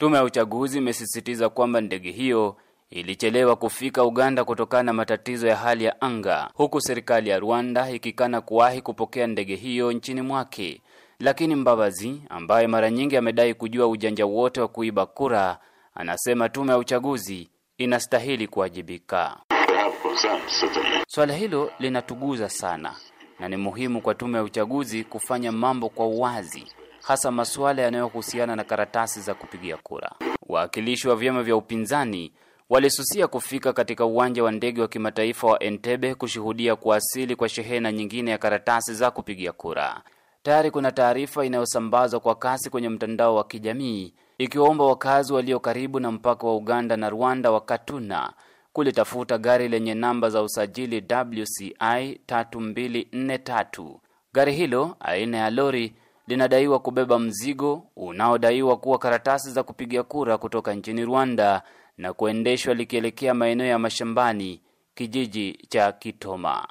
Tume ya uchaguzi imesisitiza kwamba ndege hiyo ilichelewa kufika Uganda kutokana na matatizo ya hali ya anga, huku serikali ya Rwanda ikikana kuwahi kupokea ndege hiyo nchini mwake. Lakini Mbabazi ambaye mara nyingi amedai kujua ujanja wote wa kuiba kura, anasema tume ya uchaguzi inastahili kuwajibika. Swala hilo linatuguza sana na ni muhimu kwa tume ya uchaguzi kufanya mambo kwa uwazi hasa masuala yanayohusiana na karatasi za kupigia kura. Wawakilishi wa vyama vya upinzani walisusia kufika katika uwanja wa ndege wa kimataifa wa Entebbe kushuhudia kuwasili kwa shehena nyingine ya karatasi za kupigia kura. Tayari kuna taarifa inayosambazwa kwa kasi kwenye mtandao wa kijamii ikiwaomba wakazi walio karibu na mpaka wa Uganda na Rwanda wa Katuna kulitafuta gari lenye namba za usajili WCI 3243. Gari hilo aina ya lori linadaiwa kubeba mzigo unaodaiwa kuwa karatasi za kupiga kura kutoka nchini Rwanda na kuendeshwa likielekea maeneo ya mashambani kijiji cha Kitoma.